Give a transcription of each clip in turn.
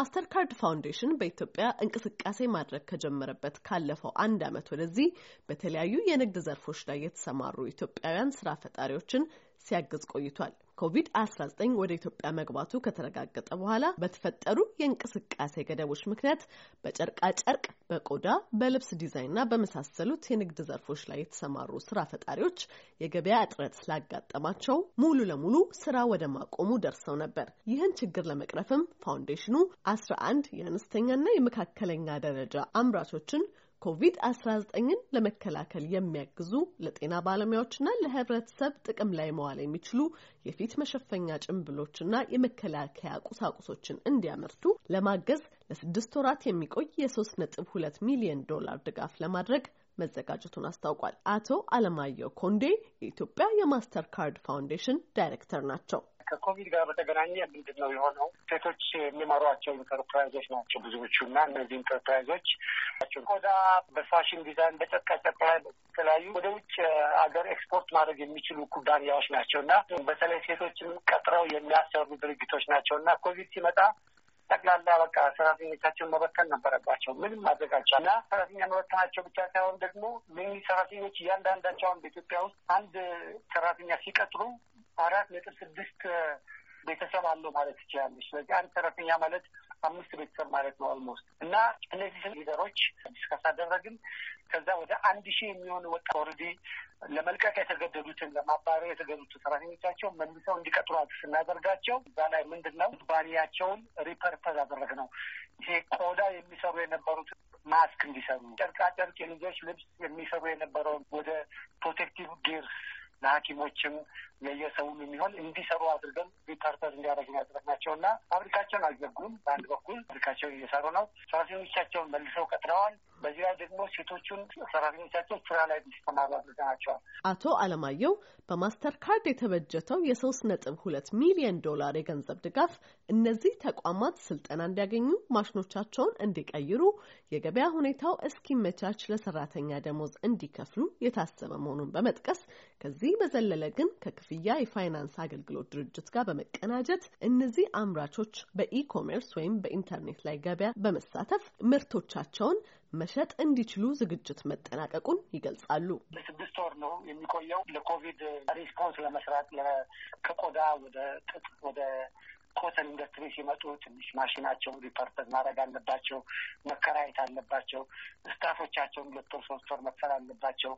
ማስተርካርድ ፋውንዴሽን በኢትዮጵያ እንቅስቃሴ ማድረግ ከጀመረበት ካለፈው አንድ ዓመት ወደዚህ በተለያዩ የንግድ ዘርፎች ላይ የተሰማሩ ኢትዮጵያውያን ስራ ፈጣሪዎችን ሲያግዝ ቆይቷል። ኮቪድ-19 ወደ ኢትዮጵያ መግባቱ ከተረጋገጠ በኋላ በተፈጠሩ የእንቅስቃሴ ገደቦች ምክንያት በጨርቃጨርቅ፣ በቆዳ፣ በልብስ ዲዛይንና በመሳሰሉት የንግድ ዘርፎች ላይ የተሰማሩ ስራ ፈጣሪዎች የገበያ እጥረት ስላጋጠማቸው ሙሉ ለሙሉ ስራ ወደ ማቆሙ ደርሰው ነበር። ይህን ችግር ለመቅረፍም ፋውንዴሽኑ 11 የአነስተኛና የመካከለኛ ደረጃ አምራቾችን ኮቪድ-19ን ለመከላከል የሚያግዙ ለጤና ባለሙያዎችና ለህብረተሰብ ጥቅም ላይ መዋል የሚችሉ የፊት መሸፈኛ ጭንብሎችና የመከላከያ ቁሳቁሶችን እንዲያመርቱ ለማገዝ ለስድስት ወራት የሚቆይ የሶስት ነጥብ ሁለት ሚሊዮን ዶላር ድጋፍ ለማድረግ መዘጋጀቱን አስታውቋል። አቶ አለማየሁ ኮንዴ የኢትዮጵያ የማስተር ካርድ ፋውንዴሽን ዳይሬክተር ናቸው። ከኮቪድ ጋር በተገናኘ ምንድን ነው የሆነው? ሴቶች የሚመሯቸው ኢንተርፕራይዞች ናቸው ብዙዎቹ እና እነዚህ ኢንተርፕራይዞች ቆዳ በፋሽን ዲዛይን፣ በጨርቃጨርቅ ላይ የተለያዩ ወደ ውጭ አገር ኤክስፖርት ማድረግ የሚችሉ ኩባንያዎች ናቸው እና በተለይ ሴቶችን ቀጥረው የሚያሰሩ ድርጅቶች ናቸው እና ኮቪድ ሲመጣ ጠቅላላ በቃ ሰራተኞቻቸውን መበተን ነበረባቸው። ምንም ማዘጋጃ እና ሰራተኛ መበተናቸው ብቻ ሳይሆን ደግሞ እነዚህ ሰራተኞች እያንዳንዳቸውን በኢትዮጵያ ውስጥ አንድ ሰራተኛ ሲቀጥሩ አራት ነጥብ ስድስት ቤተሰብ አለው ማለት ትችላለች። ስለዚህ አንድ ሰራተኛ ማለት አምስት ቤተሰብ ማለት ነው አልሞስት። እና እነዚህ ሊደሮች ዲስከስ ከዛ ወደ አንድ ሺህ የሚሆኑ ወጣ ኦልሬዲ ለመልቀቅ የተገደዱትን ለማባረር የተገደዱትን ሰራተኞቻቸው መልሰው እንዲቀጥሩ ስናደርጋቸው እዛ ላይ ምንድን ነው ባንያቸውን ሪፐርፐዝ አደረግ ነው ይሄ ቆዳ የሚሰሩ የነበሩት ማስክ እንዲሰሩ፣ ጨርቃጨርቅ የልጆች ልብስ የሚሰሩ የነበረውን ወደ ፕሮቴክቲቭ ጌርስ ለሐኪሞችም ለየሰውም የሚሆን እንዲሰሩ አድርገን ሪፐርተር እንዲያደረግ ያጥረት ናቸው እና ፋብሪካቸውን አልዘጉም። በአንድ በኩል ፋብሪካቸውን እየሰሩ ነው። ሰራተኞቻቸውን መልሰው ቀጥረዋል። በዚህ ላይ ደግሞ ሴቶቹን ሰራተኞቻቸው ስራ ላይ እንዲሰማሩ አድርገናቸዋል። አቶ አለማየሁ በማስተር ካርድ የተበጀተው የሶስት ነጥብ ሁለት ሚሊዮን ዶላር የገንዘብ ድጋፍ እነዚህ ተቋማት ስልጠና እንዲያገኙ፣ ማሽኖቻቸውን እንዲቀይሩ፣ የገበያ ሁኔታው እስኪመቻች ለሰራተኛ ደሞዝ እንዲከፍሉ የታሰበ መሆኑን በመጥቀስ ከዚህ በዘለለ ግን ከክፍያ የፋይናንስ አገልግሎት ድርጅት ጋር በመቀናጀት እነዚህ አምራቾች በኢኮሜርስ ወይም በኢንተርኔት ላይ ገበያ በመሳተፍ ምርቶቻቸውን መሸጥ እንዲችሉ ዝግጅት መጠናቀቁን ይገልጻሉ። ለስድስት ወር ነው የሚቆየው። ለኮቪድ ሪስፖንስ ለመስራት ከቆዳ ወደ ጥጥ ወደ ኮተን ኢንዱስትሪ ሲመጡ ትንሽ ማሽናቸውን ሪፐርፐዝ ማድረግ አለባቸው። መከራየት አለባቸው። ስታፎቻቸውን ሁለት ወር ሶስት ወር መክፈል አለባቸው።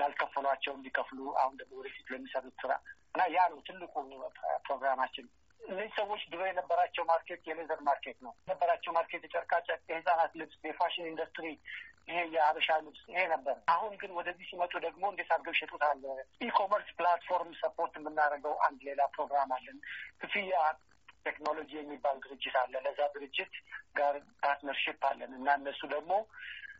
ላልከፈሏቸው እንዲከፍሉ አሁን ደግሞ ወደፊት ለሚሰሩት ስራ እና ያ ነው ትልቁ ፕሮግራማችን። እነዚህ ሰዎች ድሮ የነበራቸው ማርኬት የሌዘር ማርኬት ነው የነበራቸው ማርኬት የጨርቃጨርቅ፣ የህፃናት ልብስ፣ የፋሽን ኢንዱስትሪ ይሄ የሀበሻ ልብስ ይሄ ነበር። አሁን ግን ወደዚህ ሲመጡ ደግሞ እንዴት አድርገው ይሸጡታል? ኢኮመርስ ፕላትፎርም ሰፖርት የምናደርገው አንድ ሌላ ፕሮግራም አለን። ክፍያ ቴክኖሎጂ የሚባል ድርጅት አለ። ለዛ ድርጅት ጋር ፓርትነርሽፕ አለን እና እነሱ ደግሞ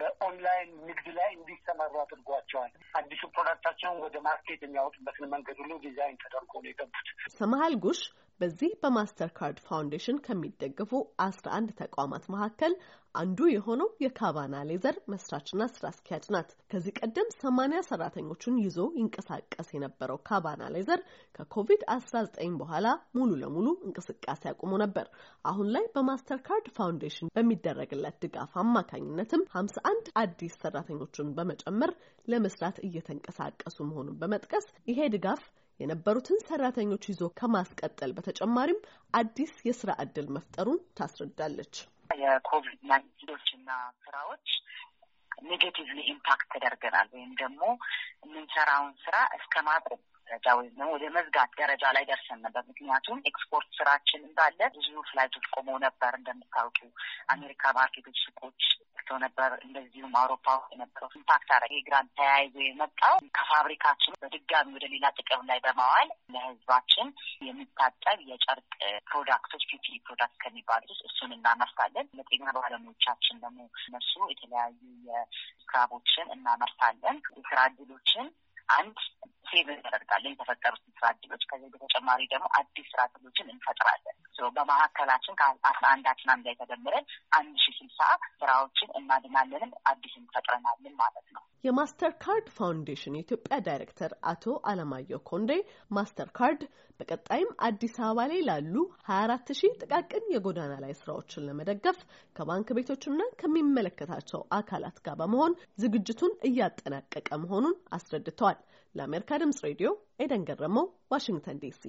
በኦንላይን ንግድ ላይ እንዲሰማሩ አድርጓቸዋል። አዲሱ ፕሮዳክታቸውን ወደ ማርኬት የሚያወጡበትን መንገድ ሁሉ ዲዛይን ተደርጎ ነው የገቡት። ሰመሃል ጉሽ በዚህ በማስተር ካርድ ፋውንዴሽን ከሚደገፉ 11 ተቋማት መካከል አንዱ የሆነው የካቫና ሌዘር መስራችና ስራ አስኪያጅ ናት። ከዚህ ቀደም 80 ሰራተኞቹን ይዞ ይንቀሳቀስ የነበረው ካቫና ሌዘር ከኮቪድ-19 በኋላ ሙሉ ለሙሉ እንቅስቃሴ አቁሞ ነበር። አሁን ላይ በማስተር ካርድ ፋውንዴሽን በሚደረግለት ድጋፍ አማካኝነትም 51 አዲስ ሰራተኞቹን በመጨመር ለመስራት እየተንቀሳቀሱ መሆኑን በመጥቀስ ይሄ ድጋፍ የነበሩትን ሰራተኞች ይዞ ከማስቀጠል በተጨማሪም አዲስ የስራ እድል መፍጠሩን ታስረዳለች። የኮቪድ ና ስራዎች ኔጌቲቭሊ ኢምፓክት ተደርገናል ወይም ደግሞ የምንሰራውን ስራ እስከ ማቆም ደረጃ ወይም ደግሞ ወደ መዝጋት ደረጃ ላይ ደርሰን ነበር። ምክንያቱም ኤክስፖርት ስራችን እንዳለ ብዙ ፍላይቶች ቆመው ነበር። እንደምታውቂው አሜሪካ ማርኬቶች፣ ሱቆች ተከፍቶ ነበር። እንደዚሁም አውሮፓ ውስጥ የነበረው ኢምፓክት አረ ግራንት ተያይዞ የመጣው ከፋብሪካችን በድጋሚ ወደ ሌላ ጥቅም ላይ በማዋል ለህዝባችን የሚታጠብ የጨርቅ ፕሮዳክቶች ፒፒ ፕሮዳክት ከሚባሉት ውስጥ እሱን እናመርታለን። ለጤና ባለሙያዎቻችን ደግሞ እነሱ የተለያዩ የስክራቦችን እናመርታለን። የስራ እድሎችን አንድ ሴቭ እናደርጋለን የተፈጠሩትን ስራ እድሎች። ከዚህ በተጨማሪ ደግሞ አዲስ ስራ እድሎችን እንፈጥራለን። በማዕከላችን ከአስራ አንዳችን አንድ ላይ ተደምረን አንድ ሺ ስልሳ ስራዎችን እናድናለንም አዲስም ፈጥረናልን ማለት ነው። የማስተር ካርድ ፋውንዴሽን የኢትዮጵያ ዳይሬክተር አቶ አለማየሁ ኮንዴ ማስተር ካርድ በቀጣይም አዲስ አበባ ላይ ላሉ ሀያ አራት ሺህ ጥቃቅን የጎዳና ላይ ስራዎችን ለመደገፍ ከባንክ ቤቶችና ከሚመለከታቸው አካላት ጋር በመሆን ዝግጅቱን እያጠናቀቀ መሆኑን አስረድተዋል። ለአሜሪካ ድምጽ ሬዲዮ ኤደን ገረመው፣ ዋሽንግተን ዲሲ